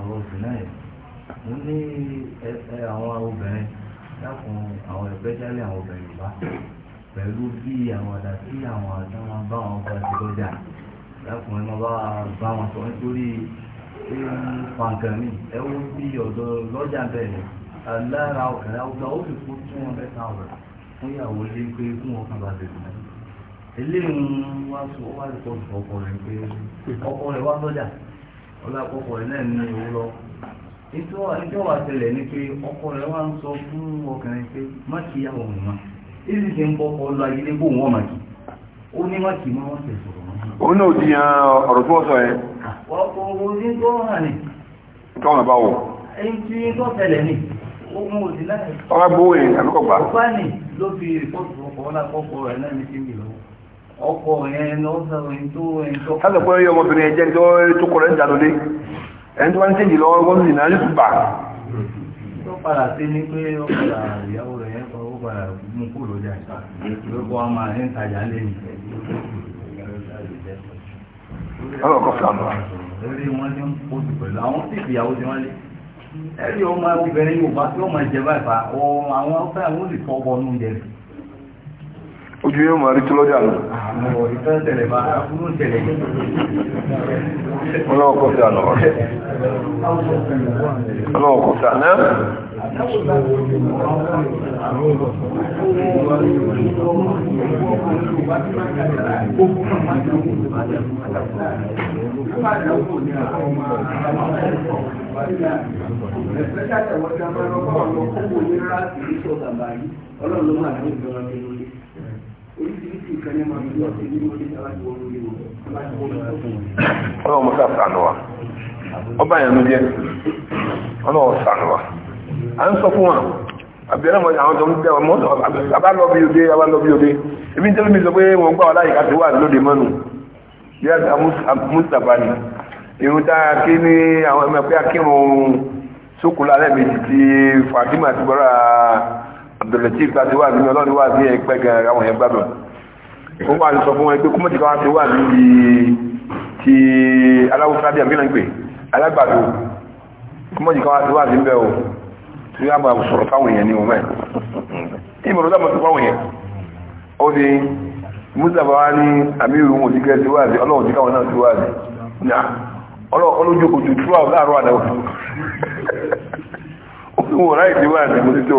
mo ní eh, eh, àwọn obìnrin àwọn àwọn obìnrin pẹ̀lú bí àwọn ọ̀dà tí àwọn ọ̀dà máa bá wọn gba ti lọ́jà lákùnrin máa bá bá wọn sọ nítorí pé ń fa mi ẹ wo bí ọ̀dọ̀ lọ́jà bẹ̀rẹ̀ lára ọ̀kadà ọgbà ó fi kó tún wọn bẹ́ẹ̀ sáwọn rẹ̀ fún ìyàwó lé pé fún wọn bá ti dùn. eléyìí wá sọ wá lè ọkọ rẹ̀ pé ọkọ rẹ̀ wá lọ́jà ọlọ́pọ̀pọ̀ rẹ̀ náà ní owó lọ nítorí wà tẹ̀lẹ̀ ni pé ọkọ rẹ̀ wá ń sọ fún ọkùnrin pé má kí ìyàwó mi ìlú ṣe ń bọ́kọ̀ lọ ayé lébò wọn mà kì ó ní wọ́n kì máa wọ́n tẹ̀ sọ̀rọ̀ wọn. òun náà di ọ̀rọ̀ tí wọ́n sọ yẹn. ọkọ̀ orí tó hàn ní. tọ́wọ́n náà bá wọ̀. ẹyin tí tó tẹ̀lẹ̀ ní ogun òsì láti. ọba gbowó ni àbíkọ gbà. ọba ni ló fi rìpọ́tù ọkọ̀ wọn lákọ̀ọ́kọ̀ rẹ̀ náà ní síbi lọ́wọ́ ọkọ̀ yẹn lọ́sọ̀ ẹni tó ẹni tó. ká ló pé ọmọbìnrin ẹ̀jẹ̀ tó tó bá mú kúrò lójà ìta lórúkọ wa máa ń tajà lé mi. ọlọ́kọ̀ sànù. lórí wọn ní oṣù pẹ̀lú àwọn tí ìfìyàwó ti wọ́n lé ẹ̀rí ọmọ obìnrin Yorùbá tí ó máa jẹ báyìí fa àwọn ọ̀fẹ́ àwọn olùkọ́ ọ̀bọ̀nú jẹ sí ojú yóò máa rí tí lọ́jà nù. ọlọ́wọ́ kọ́ sí àná ọlọ́wọ́ kọ́ sí àná oríṣiríṣi ìkànnì máa ń lọ sí nínú orí aláàbò wọn ní wọn aláàbò wọn lọ. ọlọ́run mọ́tà sànù wa ọba yẹn ló jẹ́ ọlọ́run sànù wa à ń sọ fún wa àbẹ̀rẹ̀ wọn àwọn tó ń tẹ wọn mọ́tò abálọ́bí òde abálọ́bí òde ebi ń tẹ́lẹ̀ mi sọ pé wọ́n gbà wọ́n láyé àti wà lóde mọ́nu bí a mustapha ni irun tá a ké ní àwọn ẹgbẹ́ abdulatif láti wà nínú ọlọ́run wà sí ẹgbẹ́ gan àwọn yẹn gbádùn ó wà sọ fún wọn pé kúmọ̀tì káwá ti wà níbi ti aláwùsá bí àmì náà ń pè alágbàdo kúmọ̀tì káwá ti wà níbẹ̀ o tí wọ́n máa sọ̀rọ̀ fáwọn èèyàn ní òun ẹ̀ ìmọ̀ràn dámọ̀ sí fáwọn èèyàn ó ní mustapha wa ní amiru wọn ti kẹ́ ti wà sí ọlọ́run ti káwọn náà ti wà sí ọlọ́jókòó ju túwà láàárọ̀ àdáwọ̀ ó ní ah, wọ́n ráì ti wà sí mo ti tó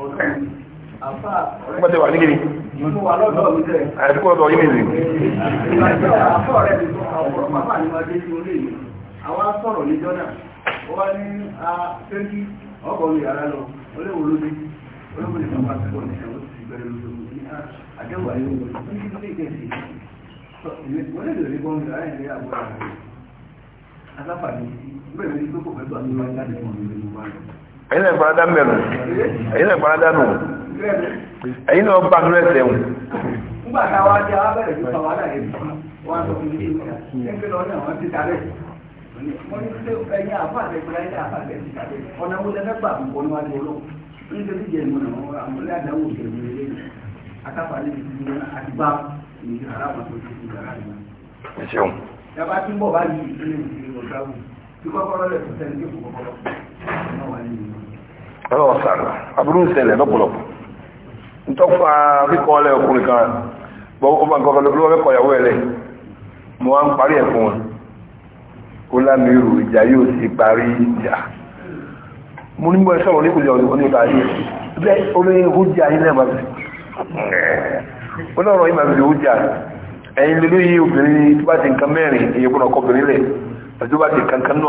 Wọ́n tẹ́ wà ní gíní. Àyàtúkọ́ ọ̀dọ̀ yìí nìyí. Àwọn asọ̀rọ̀ ní Jọ́nà, ó wá ní Fẹ́lí ọkọ̀ ní yàrá lọ, sọ̀rọ̀ ní ẹ̀wọ̀n ti bẹ̀rẹ̀ ní àdẹ́wà yóò wọ́n ní ilé ìkẹ́sì. Wọ́n lè lè gbọ́n ẹ̀yin náà gbọ́dá mẹ́rù ẹ̀yin náà gbọ́dá nù ẹ̀yin náà bá nínú ẹ̀sẹ̀ wù. nígbà táwa jẹ́ abẹ́rẹ́ ìlú sọ̀wádà yìí wọ́n á sọ fún mi ní ẹgbẹ́ lọ́nà àwọn ti tàbẹ́ mo ní pé ẹ̀yin àfàdé gbọ́dá yìí àfàdé ti tàbẹ́ ọ̀nà wo lẹ́fẹ́ gbà fún kọ́nú wa lọ́wọ́ nítorí jẹ́ ìmọ̀ náà àmọ́lẹ́ àdáwò ìgbẹ̀rún ilé akápàlẹ́ ìdílé àti bá ìyí aráàmọ̀ tó ti ìgbà rà nù. ẹ ṣeun. yàrá tí ń bọ̀ báyìí ìdílé ìdílé ọ̀gá tí kọ́kọ́rọ́ lẹ̀ tó tẹ̀lé ní kòkòrò náà ọlọ́wọ́ sàrà aburú ń ṣẹlẹ̀ lọ́pọ̀lọpọ̀ ntọ́fà kíkọ́ ọlẹ́ ọkùnrin kan ọba nǹkan kan lọ́wọ́ ìyàwó ẹ̀lẹ́ wá ń parí wọn lámì ìjà yóò sì parí ìjà ní yìí bẹ́ẹ̀ orí ó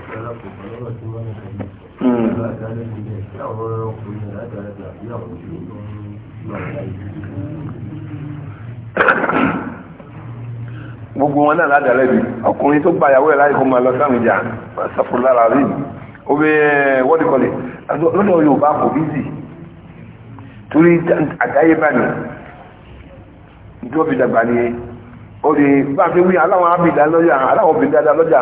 gbogbo wọn náà ládàlẹ́ bi ọkùnrin tó gba ìyàwó ẹ̀ láì kó máa lọ sáwọn ìjà sàfùlára rí o bẹ wọ́dí kọlẹ̀ lọ́dọ̀ yorùbá kò bí zì torí àdáyébá ni ìjọba ìdàgbà ni ó lè bá a fi wí aláwọ̀ abìdá lọ́jà aláwọ̀ abìdá lọ́jà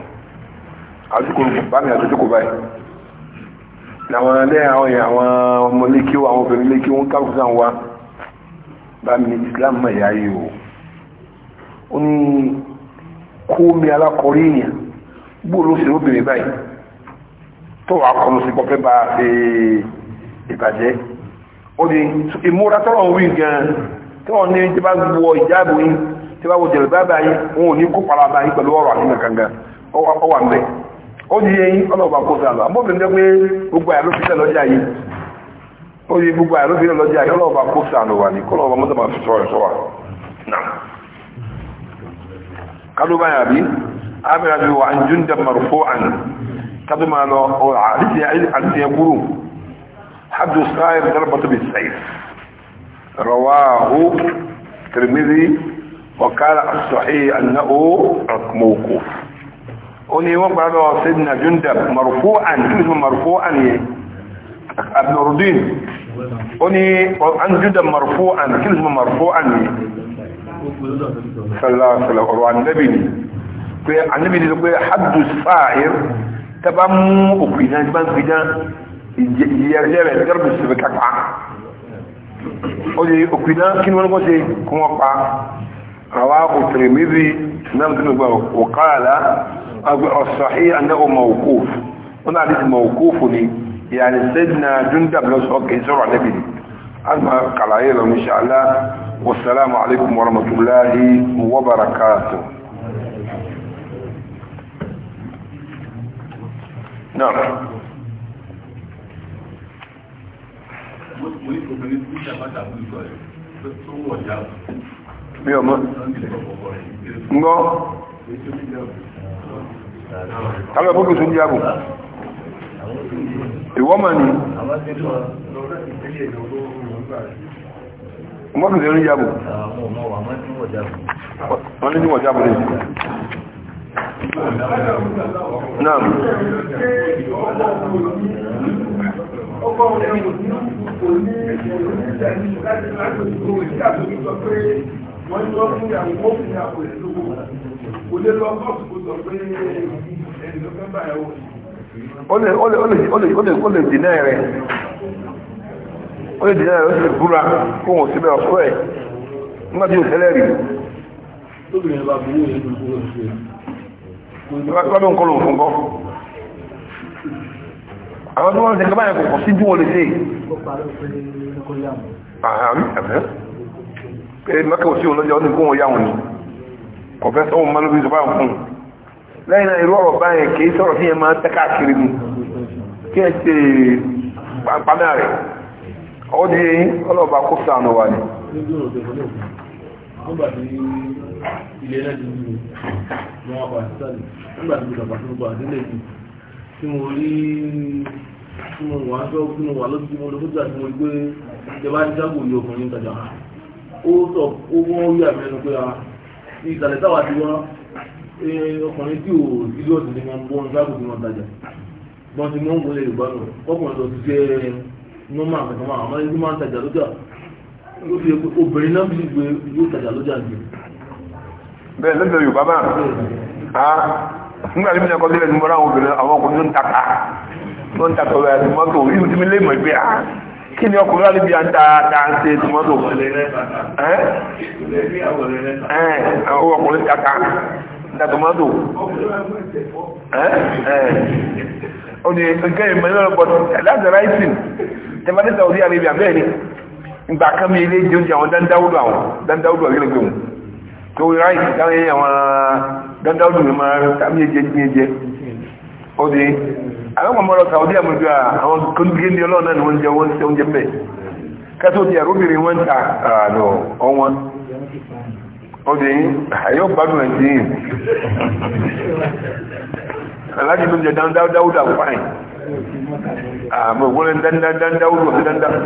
àdúgbò bámi àdúgbò báyìí làwọn ẹlẹ́ àwọn èèyàn àwọn ọmọ lékí wọn àwọn obìnrin lékí wọn káàkiri sáà wá bámi Islam mọ̀ ìyá yìí o ó ní kó mi alákọ̀ọ́rí èèyàn gbóòrò sí obìnrin báyìí tó wà kọ́nù sí pọ́pẹ́ bá ṣe ìbàjẹ́ ó ní ìmúra tọ́rọ̀ ń wí gan tí wọ́n ní tí bá wọ ìjáàbò yìí tí bá wọ jẹ̀lẹ̀ bá báyìí wọn ò ní kó pàlà báyìí pẹ̀lú ọ̀rọ̀ àti nǹkan gan ọwà ó di eyín ọlọ́ọ̀bà kó sí àlọ́ àbọ̀bìnrin jẹ́ pé gbogbo àyà ló fi tẹ̀ lọ́jà yìí ó di gbogbo àyà ló fi tẹ̀ lọ́jà yìí ọlọ́ọ̀bà kó sí àlọ́ wà ní kó lọ́ọ̀bà mọ́tò máa fi sọ ẹ̀sọ́ wa kádó báyà bí ábẹ́rẹ́ bí wà ń júndà marufó àn kádó máa lọ ọ̀rọ̀ àti ẹgbúrú حد الصائب ضربة بالسيف رواه الترمذي وقال الصحيح انه موقوف oni wọ́n gbára lọ sẹ́dínà jùndà marfu'an tíwìsí marfu'an yẹ abdurudin oni an jùndà marfu'an tíwìsí marfu'an yẹ sallasala ọ̀rọ̀ annabi ni pé annabi ni pé haddu sa'ir ta bá mú òkú iná bá ń fi dán ìyẹrẹyẹrẹ dẹ́rù sí fi kápá ó di òkú iná kí ni wọ́n kọ́ sí kí wọ́n رواه الترمذي وقال الصحيح انه موقوف هنا حديث موقوف يعني سيدنا جندب لو سوق يسرع نبي اما قال عليه ان شاء الله والسلام عليكم ورحمه الله وبركاته نعم mo ní obìnrin tó ṣàbátà fún ìjọ rẹ̀ tó wọ̀ jáde mi ọmọ ngọ́ tàbí ọkọ̀ tó ń jábò ìwọ́mà ni mọ́tò tó ń jábò wọ́n ní wọ̀n jábò ní náà ọgbọ́n ọ̀rẹ́ òní kò ní ẹ̀rọ wọ́n tó fún ìyàwó ó fún ìyàwó rẹ̀ lówó kò lè lọ bọ́ọ̀sì kò sọ pé ẹni tó fẹ́ bá ẹ̀wọ̀ ó lè ó lè ó lè ó lè ó lè ó lè dìnnà rẹ̀ ó ọ̀fọ́ ẹ̀ nígbà tí ò tẹ́lẹ̀ rí. tóbi yẹn bá burú nǹkan ló fún kọ́ àwọn tó wọ́n ń sẹ́kẹ́ báyìí kò kọ́ sí bí wọ́n lè ṣe pé mẹ́kà ò sí òun lọ́jọ́ ọdún kó wọn yá wọn ni kò fẹ́ sọ́wọ́n mọ́ lóbi ìjọba àwọn fún un lẹ́yìn náà irú ọ̀rọ̀ báyẹn kì í sọ̀rọ̀ kí yẹn máa tẹ́ka kiri mu kí yẹn ṣe pàmpáná rẹ̀ ọ́ di eyín ọlọ́ọ̀bá kó sànù wà ní. nígbà tí ilé náà ti ní wọn wá pàṣẹ sáà nígbà tí mo dàgbà tó gbà délé mi tí mo rí tí mo wà á sọ fún wa lọ́sí ó sọ owó yà mẹ́nu pé a ah, ti ìsàlẹ̀ táwa ti wá ọkùnrin tí ò sí lóòtù ni wọ́n ń bọ́ nígbà kò tí wọ́n tajà wọ́n ti mọ́ ń wọlé yorùbá nù ọkùnrin lọ ti jẹ́ nọ́mà àkàtà àmọ́ ẹni máa ń tajà lójà ó fi obìnrin náà fi gbé yóò tajà lójà jù. bẹ́ẹ̀ lọ́dọ̀ yorùbá máa a ah, nígbà tí mo ní ọkọ sílẹ̀ ní mo rá àwọn ọkùnrin tó ń tata tó ń tata kí ni ọkùnrin láti bí àdáńtẹ́ tòmọ́tò ọkùnrin kàkà da tòmọ́tò ó ní ìmọ̀lẹ́lẹ́ pọ̀tọ̀ that's the right thing tẹmọ́tẹ́ Saudi ìgbà kan ilé jẹ́ oúnjẹ àwọn àwọn ọmọ ọlọ́ta ọdí àmójú àwọn kọ́ndúgbé ní ọlọ́ọ̀nà ni wọ́n jẹ wọ́n ṣe oúnjẹ mẹ́ kẹ́tọ́ ti àróbìnrin wọ́n ta ààrọ̀ ọwọ́n ọdún àyọ́ gbádùn ẹ̀jì yìí aláàjì ló ń jẹ dáúdà fáìn àmọ́ ìwọ́n dáúdà ọ̀sẹ̀ dáúdà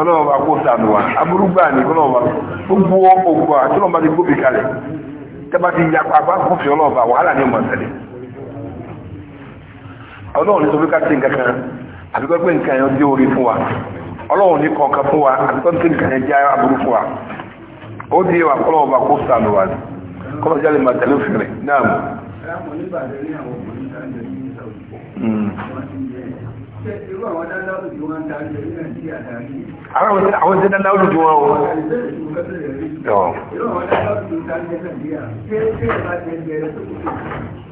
ọlọ́wọ́ bá kó sàánù wa aburúgbà ní ọlọ́wọ́ gbogbo ogun àti ọlọ́wọ́ ọlọ́run ní sọ pé ká ṣe nǹkan kan àbíkọ́ pé nǹkan yẹn dé orí fún wa ọlọ́run ní kọ̀ọ̀kan fún wa àbíkọ́ pé nǹkan yẹn jẹ́ aburú fún wa ó di wa kọ́lọ́ ọba kó sànù wa ni kọ́lọ́ jáde máa tẹ̀lé òfin rẹ̀ náà. Hmm. àwọn ìṣẹ́ dáadáa olùdí wọn o. Irú àwọn dáadáa olùdí wọn dáadáa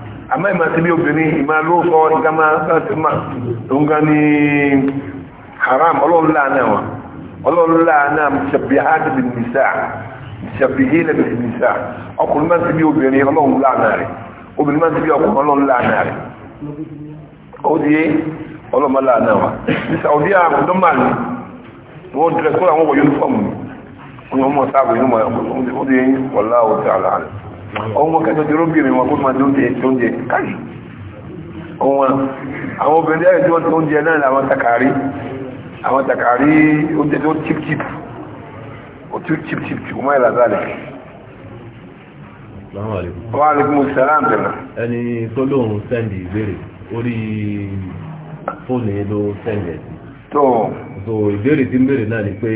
àmọ́ ìmọ̀ sí bí obìnrin ìmọ̀ lóòsọ ìgbàmọ́ sátìmọ̀ tó ń gan ní haram ọlọ́run láàánà wọn ọlọ́run láàánà ṣàbíháàdì bí nìsà ṣàbíhìlẹ̀ bí nìsà ọkùnrin máa sí bí obìnrin ọlọ́run láàánà rẹ̀ obìnrin máa sí bí ọkùnrin ọlọ́run láàánà rẹ̀ ó di ọlọ́run láàánà wọn ní Saudi àbùdọ́màlì wọ́n dẹ̀rẹ̀ kó àwọn wọ̀ ọmọ kẹta tí róbìnrin wọn kó máa dóúnjẹ tóúnjẹ káyì ọwọ́n àwọn obìnrin ẹ̀rẹ́ tí wọ́n tóúnjẹ náà ní àwọn takàrí àwọn takàrí oúnjẹ tó chip chip ó chip chip tí ó máa ìlà zálẹ̀ wọ́n á lè mú sàlám tẹ̀lá ẹni tó lóun sẹ́ndì ìbéèrè orí fóònù yẹn ló sẹ́ndì ẹ̀ sí tó so ìbéèrè tí ń béèrè náà ni pé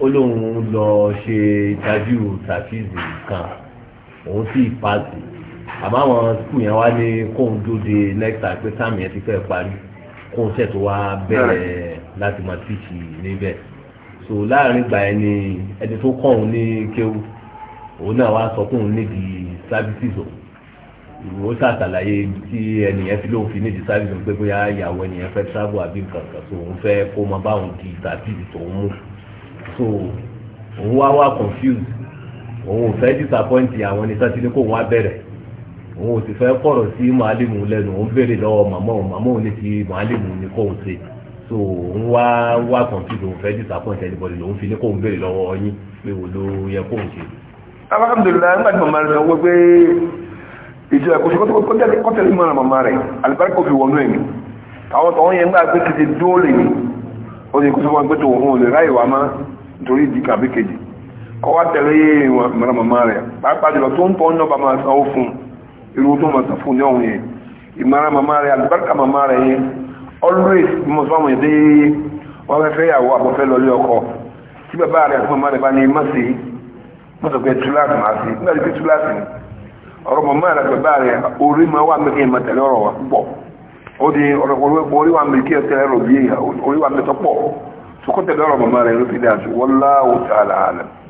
ó lóun lọ ṣe ìtajú tàfíìsì kan òun sì paasi àmọ́ àwọn skul yẹn wá ní kóun dóde lẹ́kítà pé sáàmì yẹn ti fẹ́ parí kóun ṣètò wá bẹ̀rẹ̀ láti máa tíìsì níbẹ̀ so láàrin gbà yẹn ni ẹni tó kọ́ òun ní kéwù òun náà wá sọ pé òun nídìí sábìsìs òun ó ṣàṣàlàyé tí ẹnìyẹn fi lóun fi nídìí sábìsìs òun pé bóyá ìyàwó ẹnìyẹn fẹ́ travel àbí nǹkan so òun fẹ́ kó máa bá òun di tàbí ìtòun mú so òun wá wá confused òun ò fẹ́ dísàpọ́ǹtì àwọn ní sátidé kó wọn á bẹ̀rẹ̀ òun ò sì fẹ́ kọ̀rọ̀ sí màálìmù lẹ́nu òun béèrè lọ́wọ́ màmá òun màmá òun ní ti màálìmù ní kó òun ṣe so òun wá wá kọ̀ǹtì òun fẹ́ dísàpọ́ǹtì ẹnìbọ̀dì lòun fi ní kó òun béèrè lọ́wọ́ yín pé wò ló yẹ kó òun ṣe. alhamdulilayi nígbà tí màmá rẹ wọ pé ìjọ ẹ̀kọ́ ṣe kọ́tẹ́lì mọ́ra màmá rẹ̀ alibarika fi wọnú ẹ̀mí àwọn tọ̀hún yẹn gbà pé kìí ṣe dóòlì ni ó ní kó sọ fún wọn pé tòun òun lè ráyè wá má nítorí ìdí kàbí kejì ọwọ́ tẹ̀lé mọ̀ràn màmá rẹ̀ pàápàá jùlọ tó ń tọ́ ń nọ́ba máa sanwó fún irú tó máa san fún yọ̀hún yẹn ìmọ̀ràn rẹ̀ àlùbáríkà màmá rẹ̀ yẹn always mo sọ àwọn èdè wọn fẹ́ fẹ́ yàwó àbọ̀fẹ́ lọ́lé ọkọ tí bàbá rẹ̀ àti màmá rẹ̀ bá ní má sí mo sọ pé túláàsì má sí nígbà tí túláàsì ni ọ̀rọ̀ màmá rẹ̀ bàbá rẹ̀ orí máa wà mẹ́kẹ́ ìmọ̀ tẹ̀lé ọ̀rọ̀ wa púpọ̀ ó di ọ̀rọ̀ orí wa mẹ́kẹ́ tẹ̀lé ọ̀rọ̀ bíi orí wa mẹ́tọ́ pọ̀ sọkọ́ tẹ̀lé ọ̀rọ̀ màmá rẹ̀ ló wallahu ta'ala alam